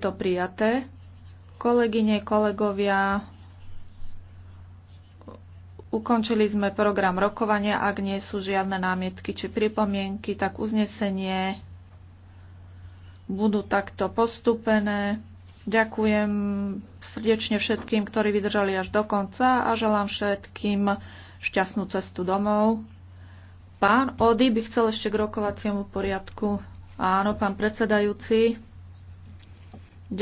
to prijaté. Kolegyne, kolegovia, ukončili sme program rokovania. Ak nie sú žiadne námietky či pripomienky, tak uznesenie budú takto postupené. Ďakujem srdečne všetkým, ktorí vydržali až do konca a želám všetkým šťastnú cestu domov. Pán Ody by chcel ešte k rokovaciemu poriadku. Áno, pán predsedajúci.